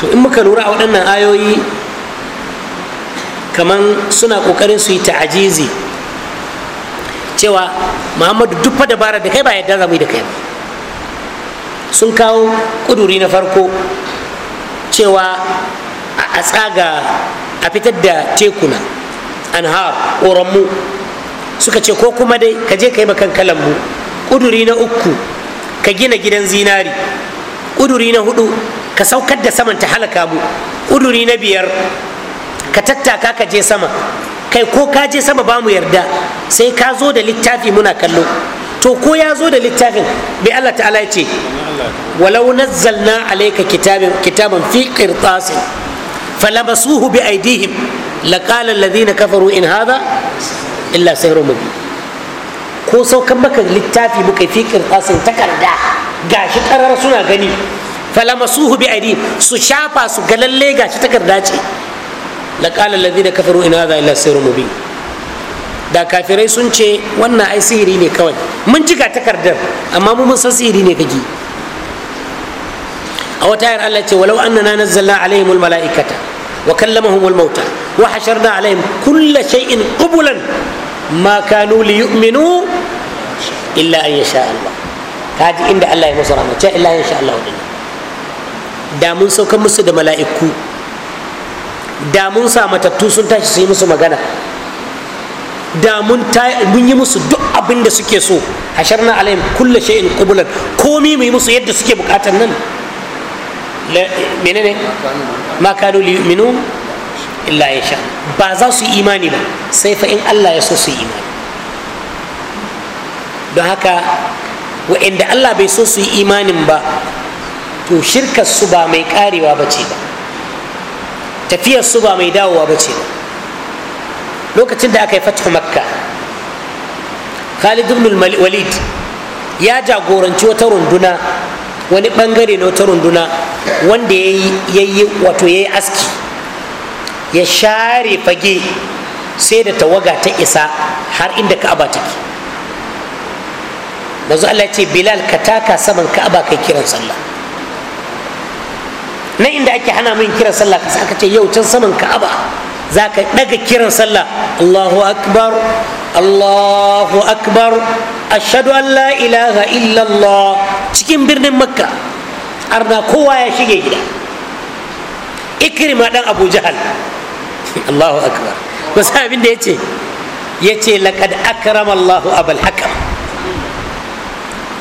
to in muka lura a waɗannan ayoyi kaman suna ƙoƙarin su yi ta'ajizi cewa muhammadu duk fa dabara da kai ba yadda za mu yi da kai sun kawo ƙuduri na farko cewa a tsaga a fitar da tekuna anhar ƙoranmu suka ce ko kuma dai ka je ka yi makan kalanmu ƙuduri na uku ka gina gidan zinari ƙuduri na hudu ka saukar da saman ta halaka mu kuduri na biyar ka tattaka ka je sama kai ko ka je sama ba mu yarda sai ka zo da littafi muna kallo to ko ya zo da littafin bai Allah ta'ala ya ce walau nazzalna alayka kitaban kitaban fi qirtasin falamasuhu bi aydihim laqala alladhina kafaru in hadha illa sihrun mubin ko saukan maka littafi muka fi qirtasin takarda gashi karar suna gani falamasuhu bi aidi su shafa su ga lalle gashi takarda ce laqala alladhina kafaru in hadha illa sirrun mubin da kafirai sun ce wannan ai sihiri ne kawai mun cika takardar amma mu mun san sihiri ne kake a wata yar Allah ce walau annana nazzalna alaihimul malaikata wa kallamahumul mauta wa hasharna alaihim kulla shay'in qubulan ma kanu li yu'minu illa an yasha Allah kaji inda Allah ya musu rahama ce illa an Allah wadin da mun saukar musu da mala'iku da mun sa matattu sun tashi su yi musu magana da mun yi musu duk abin da suke so hasharna alayhim kullu shay'in qublan komi mai musu yadda suke bukatan nan menene ma kanu liyuminu illa yasha ba za su yi imani ba sai fa in Allah ya so su yi imani don haka wa'inda Allah bai so su yi imanin ba to shirkar su ba mai karewa ba ce ba tafiyar su ba mai dawowa ba ce ba lokacin da aka yi fatih makka khalid ibn walid ya jagoranci wata runduna wani bangare na wata runduna wanda ya yi wato ya yi aski ya share fage sai da tawaga ta isa har inda ka'aba take manzo Allah ya ce bilal ka taka saman ka'aba kai kiran sallah na inda ake hana min kiran sallah kasa aka ce yau can saman ka'aba za ka daga kiran sallah allahu akbar allahu akbar ashadu an la ilaha illallah cikin birnin makka arna kowa ya shige gida ikrima dan abu jahal [laughs] allahu akbar kusa abin da ya ce ya ce laƙad akrama allahu abal hakam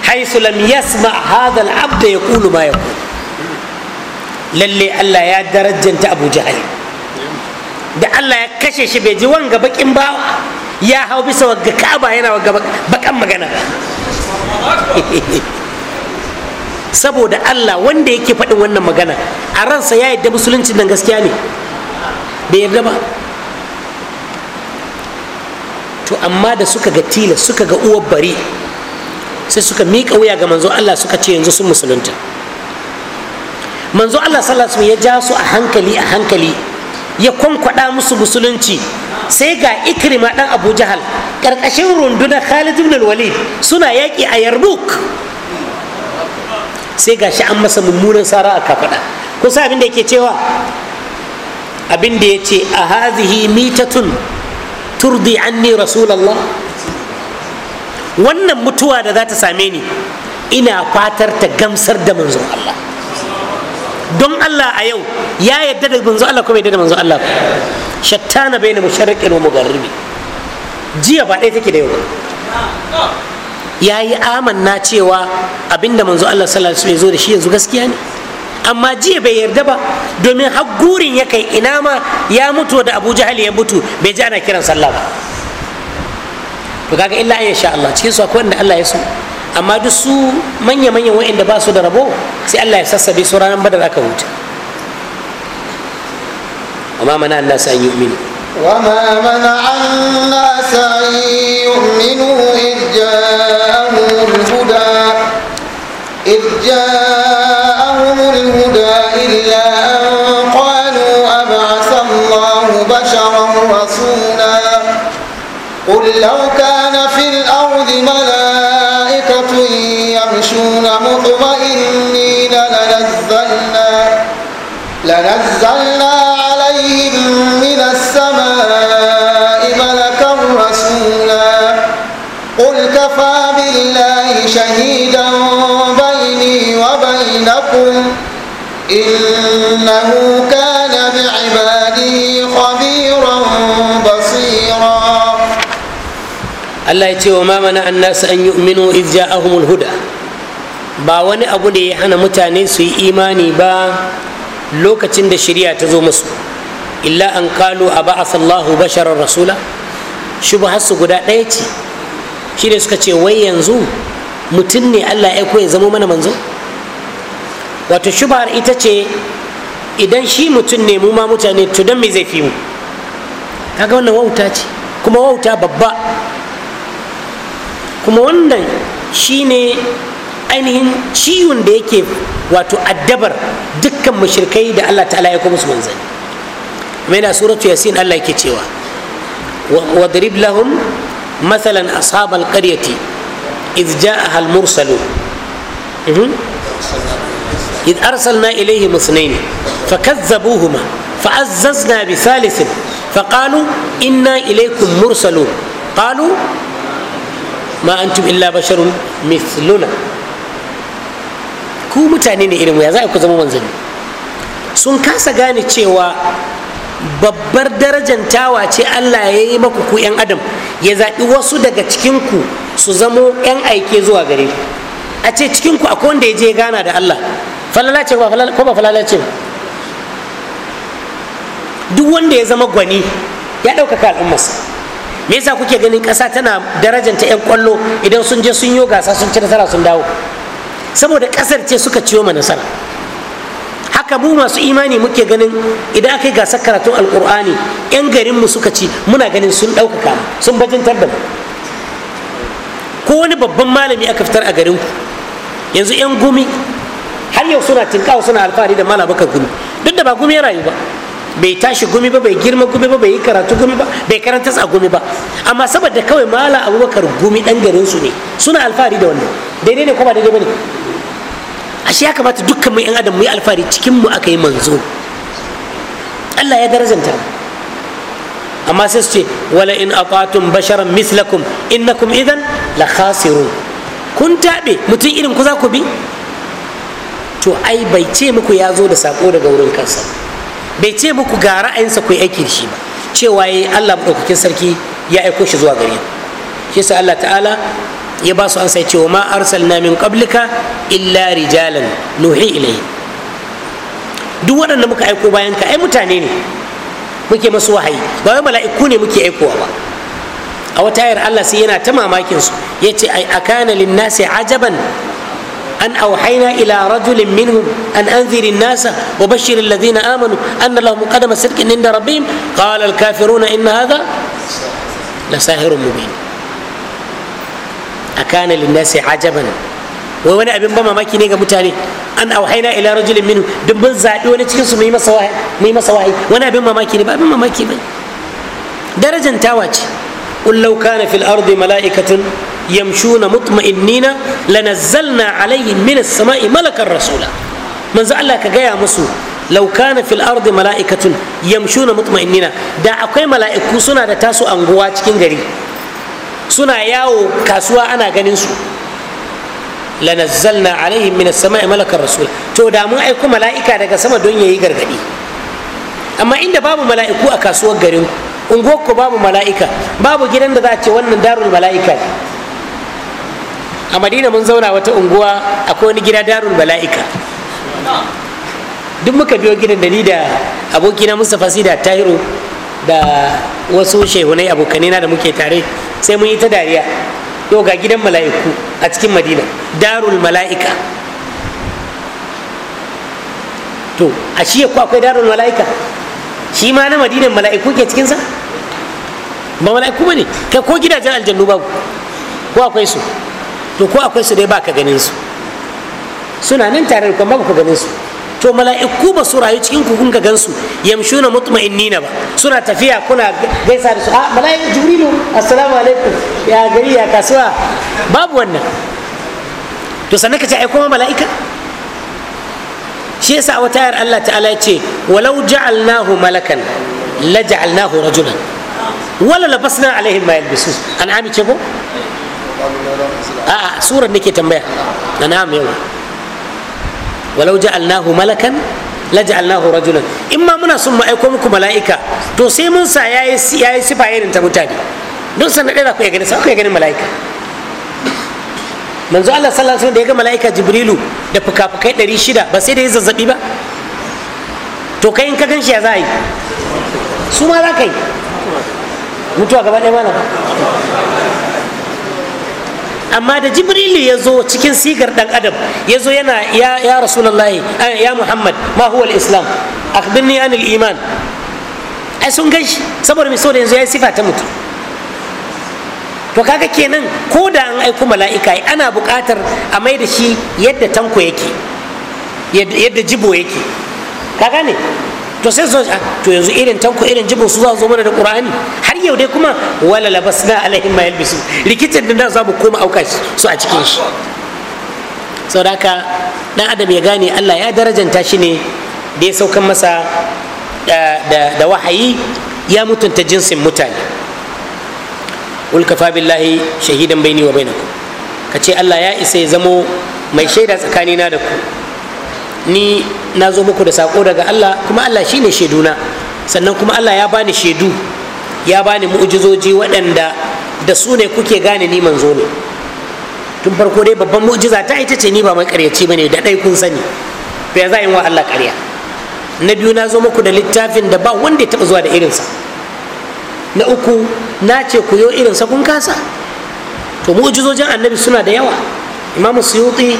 haisu lam yasma hadha al-abda yaqulu ma yaqulu lalle Allah ya darajanta Abu Jahal da Allah ya kashe shi bai ji wanga bakin bawa ya hau bisa wagga Ka'aba yana wagga bakan magana [laughs] saboda Allah wanda yake faɗin wannan magana a ransa ya yadda musulunci nan gaskiya ne bai yarda ba to amma da suka ga tilas suka ga uwar bari sai suka miƙa wuya ga manzo Allah suka ce yanzu sun musulunta manzo Allah sallallahu alaihi ya ja su a hankali a hankali ya kwankwada musu musulunci sai ga ikrima dan abu jahal karkashin rundunar khalid ibn walid suna yaƙi a yarmouk sai ga shi an masa mummunan sara a kafaɗa kusa abin da yake cewa abin da ya ce a hazihi mitatun turdi anni rasulallah wannan mutuwa da za ta same ni ina fatar ta gamsar da manzon Allah don Allah a yau ya yadda da manzo Allah kuma yadda da manzo Allah shattana bayna musharriqin wa mugarribi jiya ba ɗaya take da yau ya yi amanna cewa abinda manzo Allah sallallahu alaihi wasallam ya zo da shi yanzu gaskiya ne amma jiya bai yarda ba domin har gurin ya kai ina ma ya mutu da abu jahal ya mutu bai ji ana kiran sallah ba to kaga illa in sha Allah cikin su akwai wanda Allah ya so amma duk su manya-manyan waɗanda ba su da rabo sai Allah ya sassabe su ranar badar aka huta amma mana Allah sa yi umini وما منع الناس أن يؤمنوا إذ جاءهم الهدى إذ جاءهم الهدى إلا أن قالوا أبعث الله بشرا رسولا قل لو لنزلنا عليهم من السماء ملكا رسولا قل كفى بالله شهيدا بيني وبينكم إنه كان بعباده خبيرا بصيرا الله يتي وما منع الناس أن يؤمنوا إذ جاءهم الهدى ba wani abu da ya hana mutane su yi imani ba lokacin da shari'a ta zo musu illa an kalu a ba'athallahu basharar rasula hasu guda ɗaya ce shi ne suka ce wai yanzu mutum ne allah ya ya zama mana manzo wato shubhar ita ce idan shi mutum ne mu ma mutane to don me zai fi mu kaga wannan wauta ce kuma wauta babba kuma wannan shi ne. ainihin ciwon da yake wato addabar dukkan mushrikai da Allah ta'ala ya kuma su manzanni kuma yana suratu yasin Allah yake cewa wa darib lahum mathalan ashabal qaryati idh ja'aha al mursalun إذ أرسلنا إليهم اثنين فكذبوهما فعززنا بثالث فقالوا إنا إليكم مرسلون قالوا ما أنتم إلا بشر مثلنا ku mutane ne irin ya za ku zama manzanni sun kasa gane cewa babbar darajar tawa ce allah ya yi maku ku 'yan adam ya zaɓi wasu daga cikinku su zamo 'yan aike zuwa gare ku a ce cikinku akwai wanda ya je gana da allah falala ko ba falala ce duk wanda ya zama gwani ya ɗaukaka al'ummarsa me yasa kuke ganin ƙasa tana darajanta 'yan kwallo idan sun je sun yi gasa sun ci nasara sun dawo saboda kasar ce suka ciyo ma nasara haka mu masu imani muke ganin idan aka yi gasar karatun alkur'ani 'yan garinmu suka ci muna ganin sun ɗaukaka sun bajintar da mu ko wani babban malami aka fitar a garin ku yanzu 'yan gumi har yau suna tinkawa suna alfahari da malamaka gumi duk da ba gumi ya rayu ba bai tashi gumi ba bai girma gumi ba bai yi karatu gumi ba bai karanta a gumi ba amma saboda kawai mala abubakar gumi dan garin su ne suna alfahari da wannan daidai ne ko ba daidai ba ne ashe ya kamata dukkan mai yan adam mu yi alfahari cikin mu aka yi manzo Allah ya darajanta amma sai su ce wala in atatum basharan mislakum innakum idan la khasirun kun taɓe mutum irin ku za ku bi to ai bai ce muku ya zo da sako daga wurin kansa bai ce muku ga ra'ayinsa ku yi aiki da shi ba cewa ya Allah maɗaukakin sarki ya aiko shi zuwa gare ku shi Allah ta'ala ya ba su ansa cewa ma arsalna min qablika illa rijalan nuhi ilayhi duk waɗanda muka aiko bayan ka ai mutane ne muke masu wahayi ba wai mala'iku ne muke aikowa ba a wata ayar Allah sai yana ta mamakin su yace ai akana linnasi ajaban an auhaina ila rajulin minhum an anziri nasa wa bashir alladhina amanu anna lahum qadama sidqin inda rabbihim qala al-kafiruna in hadha la sahirun mubin a kana linnasi ajaban wai wani abin ba mamaki ne ga mutane an auhaina ila rajulin minhu duk mun zaɓi wani cikin su mu yi masa wahayi wani abin mamaki ne ba abin mamaki ba darajan tawa ce qul law kana fil ardi mala'ikatun yamshuna mutma'innina lanazzalna alaihim min as-sama'i malakan rasula manzo Allah ka gaya musu law kana fil ardi mala'ikatun yamshuna mutma'innina da akwai mala'iku suna da tasu anguwa cikin gari suna yawo kasuwa ana ganin su lanazzalna alaihim min as-sama'i malakar rasul to da mun aiko mala'ika daga sama don yayi gargadi amma inda babu mala'iku a kasuwar garin unguwar ku babu mala'ika babu gidan da za ce wannan darul mala'ika a madina mun zauna wata unguwa akwai wani gida darul mala'ika duk muka biyo gidan da ni da abokina mustapha sida tahiru da wasu shehunai abokanai na da muke tare sai mun yi ta dariya yau ga gidan mala'iku a cikin madina darul mala'ika to a shi ku akwai darul mala'ika shi ma na madinan mala'iku ke cikinsa ba mala'iku ba ne kai ko gidajen aljannu ba ko akwai su to ko akwai su dai ba ka ganin su suna nan tare da kuma ba ku ganin su to mala'iku ba su rayu cikin ku kun ga gansu yamshuna mutma'innina ba suna tafiya kuna gaisa da su a ah, mala'iku jibrilu assalamu alaikum ya gari ya kasuwa babu wannan to sannan ka ce ai kuma mala'ika shi yasa a wata ayar Allah ta'ala ya ce walau ja'alnahu malakan la ja'alnahu rajulan wala labasna alaihim ma yalbisu an'ami ce ko a'a surar nake tambaya an'am yau. walau ja'alnahu malakan la ja'alnahu rajulan in ma muna son mu aiko muku mala'ika to sai mun sa yayi yayi sifa irin ta mutane don sanan da ku ya gani sai ku ya mala'ika manzo Allah sallallahu alaihi da ya ga mala'ika Jibrilu da fuka-fukai 600 ba sai da ya zazzabi ba to kai in ka gan ya yi su ma za ka yi mutuwa gaba ɗaya mana amma da jibrilu ya zo cikin sigar dan adam ya zo yana ya ya rasulullahi eh, ya muhammad ma huwa islam akhbirni anil iman ai sun ganshi saboda mai saboda yanzu ya yi sifa ta mutu to kaga kenan ko da an aiko mala'ika ana buƙatar a mai da shi yadda tanko yake yadda jibo yake kaga ne to sai su ah, to yanzu irin tanku irin jibin su za zo mana da qur'ani har yau dai kuma wala labasna alaihim ma yalbisu rikicin da za mu koma auka su a cikin shi saboda haka dan adam ya gane Allah ya darajanta shi ne da ya saukan masa da wahayi ya mutunta jinsin mutane ulkafa billahi shahidan baini wa bainakum ka ce Allah ya isa ya zamo mai shaida tsakanina da ku ni na zo muku da sako daga Allah kuma Allah shine shaiduna sannan kuma Allah ya bani shaidu ya bani mu'jizoji waɗanda da su ne kuke gane ni manzo ne tun farko dai babban mu'jiza ta ita ce ni ba mai ba ne da ɗai kun sani to ya za yi wa Allah ƙarya na biyu na zo muku da littafin da ba wanda ya taɓa zuwa da irinsa na uku na ce ku yo irinsa kun kasa to mu'jizojin annabi suna da yawa imamu suyuti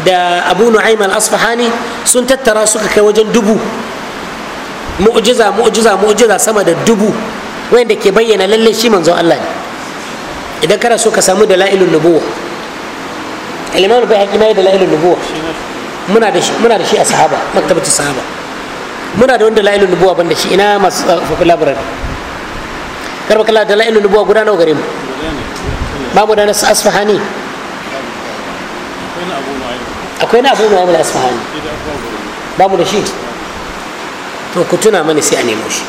da abu nu'aym al-asfahani sun tattara suka kai wajen dubu mu'jiza mu'jiza mu'jiza sama da dubu wanda ke bayyana lallai shi manzon Allah ne idan kana so ka samu dalailun nubuwa al-imam bai bayhaqi mai dalailun nubuwa muna da shi muna da shi a sahaba maktabatu sahaba muna da wanda dalailun nubuwa banda shi ina masu tsafafi labarar karba kala dalailun nubuwa guda nawa gare mu ba mu da nasu asfahani akwai na abu nuwa mula asfahani ba mu da shi to ku tuna mani sai a nemo shi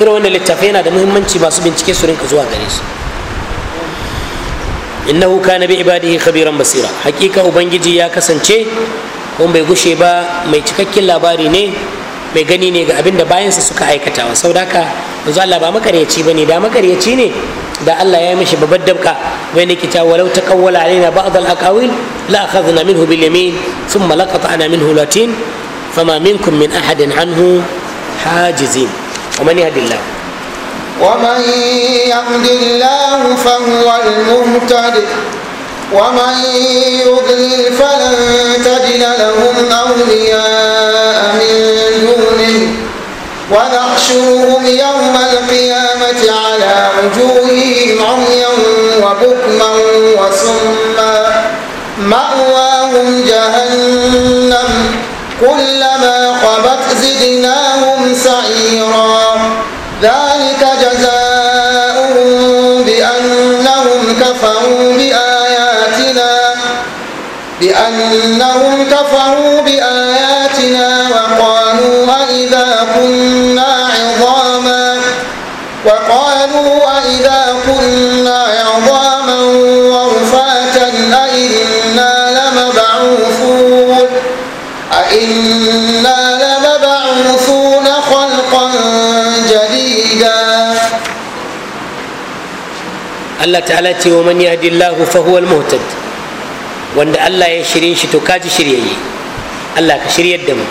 irin wannan littafi yana da muhimmanci masu bincike su rinka zuwa gare su innahu kana bi ibadihi khabiran basira hakika ubangiji ya kasance kuma bai gushe ba mai cikakken labari ne mai gani ne ga abin da bayansa suka aikatawa sau da haka manzo Allah ba makaryaci bane da makaryaci ne da Allah ya yi mishi babbar dabka bai ne kita walau taqawwala alaina ba'd al-aqawil la akhadna minhu bil yamin thumma laqata'na minhu latin fama minkum min ahadin anhu hajizin wa man yahdillah ومن يهد الله فهو المهتد ومن يضلل فلن تجد لهم أولياء من ونحشرهم يوم القيامة على وجوههم عميا وبكما وصما مأواهم جهنم كلما خبت زدناهم سعيرا ذلك جزاؤهم بأنهم كفروا بآياتنا بأنهم كفروا Allah ta'ala ce wa man yahdillahu fa huwal muhtad wanda Allah ya shirye shi to kaji shiryayye Allah ka shiryar da mu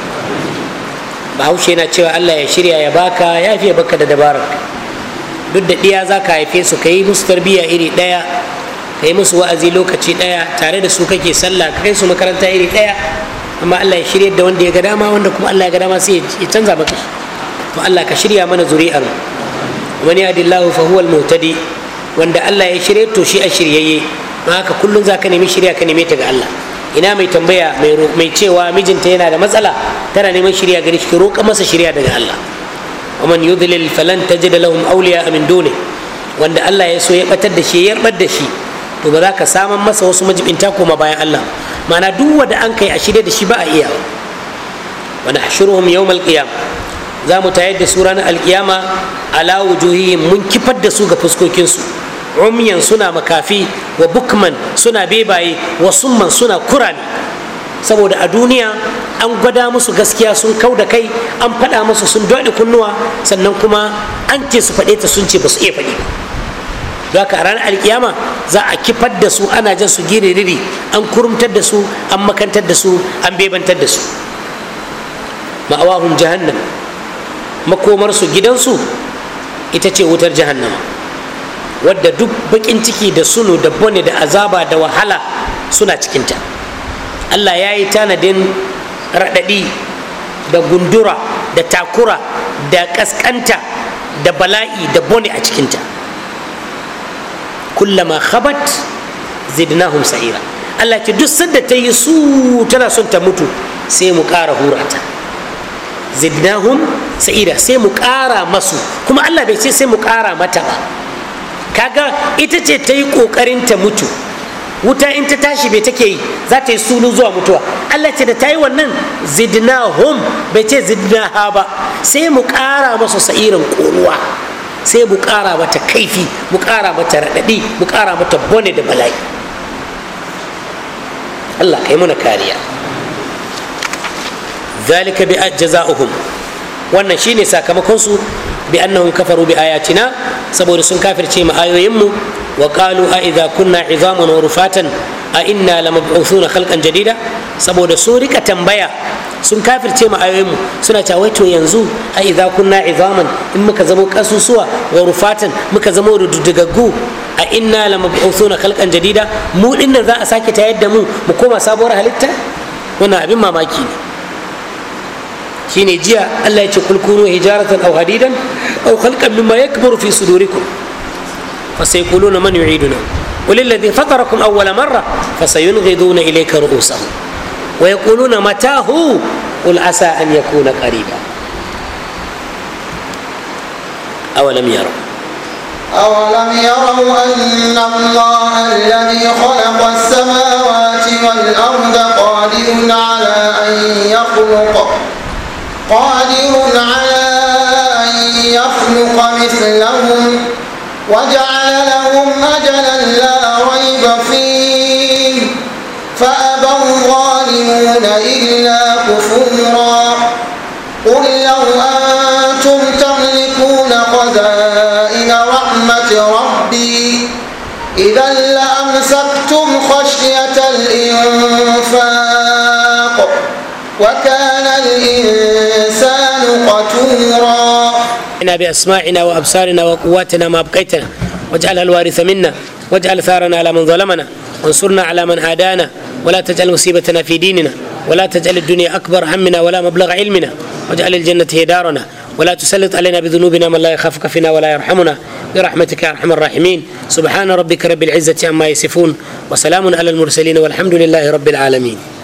bahaushe yana cewa Allah ya shirya ya baka ya fiye baka da dabarar duk da ɗiya za ka haife su ka yi musu tarbiyya iri ɗaya ka yi musu wa'azi lokaci ɗaya tare da su kake sallah ka kai su makaranta iri ɗaya amma Allah ya shirya da wanda ya ga dama wanda kuma Allah ya ga dama sai ya canza maka to Allah ka shirya mana zuri'ar wani adillahu fa huwal muhtadi wanda Allah ya shirya to shi a shiryayye don haka kullum za ka nemi shirya ka neme ta ga Allah ina mai tambaya mai cewa mijinta yana da matsala tana neman shirya gare shi roƙa masa shirya daga Allah ومن ta فلن تجد lahum أولياء من دونه wanda Allah ya so ya batar da shi ya yarbar da shi to ba za ka saman masa wasu majibinta koma bayan Allah ma'ana duk wanda an kai a shirye da shi ba a iya wanda nahshuruhum yawm alqiyam za mu tayar da su ranar alkiyama ala wujuhihim mun kifar da su ga fuskokin su umyan suna makafi wa bukman suna bebaye wa summan suna kurami saboda a duniya an gwada musu gaskiya sun kau da kai an faɗa musu sun doɗe kunnuwa sannan kuma an ce su faɗe ta sun ce ba su iya faɗi ba a ranar alkiyama za a kifar da su ana jan su gine riri an kurumtar da su an makantar da su an bebantar da su ma'awahun jahannam makomarsu gidansu ita ce wutar jahannama wadda duk bakin ciki da sunu da bone da azaba da wahala suna cikinta allah ya yi tanadin raɗaɗi da gundura da takura da ƙasƙanta da bala'i da bone a cikinta kullama khabat zidnahum sa'ira allah ce duk sanda ta yi su tana son ta mutu sai mu ƙara hurata zidnahum sa'ira sai mu ƙara masu kuma allah bai ce sai mu ƙara mata ba kaga ita ce ta yi ƙoƙarin ta mutu wuta in ta tashi bai take yi za ta yi sulu zuwa mutuwa allah ce da ta yi wannan zidna hum bai ce zidna ha ba sai mu ƙara masa sa'irin ƙoruwa sai mu ƙara mata kaifi mu ƙara mata raɗaɗi mu ƙara mata bone da bala'i allah kai muna kariya zalika bi jaza'uhum wannan shine su. bi annahum kafaru bi ayatina saboda sun kafirce mu ayoyin wa qalu a idza kunna izaman wa rufatan a inna lamab'uthuna khalqan jadida saboda sun rika tambaya sun kafirce mu ayoyin suna cewa wai yanzu a idza kunna izaman in muka zamo kasusuwa wa rufatan muka zamo rududdugaggu a inna lamab'uthuna khalqan jadida mu dinnan za a sake ta yadda mu mu koma sabuwar halitta wannan abin mamaki ne shine جاء الله يقول كونوا هجارة أو هديدا أو خلقا مما يكبر في صدوركم فسيقولون من يعيدنا وللذي فطركم أول مرة فسينغضون إليك رؤوسهم ويقولون متى هو قل عسى أن يكون قريبا أولم يروا أولم يروا أن الله الذي خلق السماوات والأرض قادر على أن يخلق قادر على أن يخلق مثلهم وجعل لهم أجلا لا ريب فيه فأبى الظالمون إلا كفورا قل لو أنتم تملكون خزائن رحمة ربي إذا لأمسكتم خشية الإنفاق وكان الإنسان قتورا بأسماعنا وأبصارنا وقواتنا ما أبقيتنا واجعلها الوارث منا واجعل ثارنا على من ظلمنا وانصرنا على من عادانا ولا تجعل مصيبتنا في ديننا ولا تجعل الدنيا أكبر همنا ولا مبلغ علمنا واجعل الجنة هي دارنا ولا تسلط علينا بذنوبنا من لا يخافك فينا ولا يرحمنا برحمتك يا أرحم الراحمين سبحان ربك رب العزة عما يصفون وسلام على المرسلين والحمد لله رب العالمين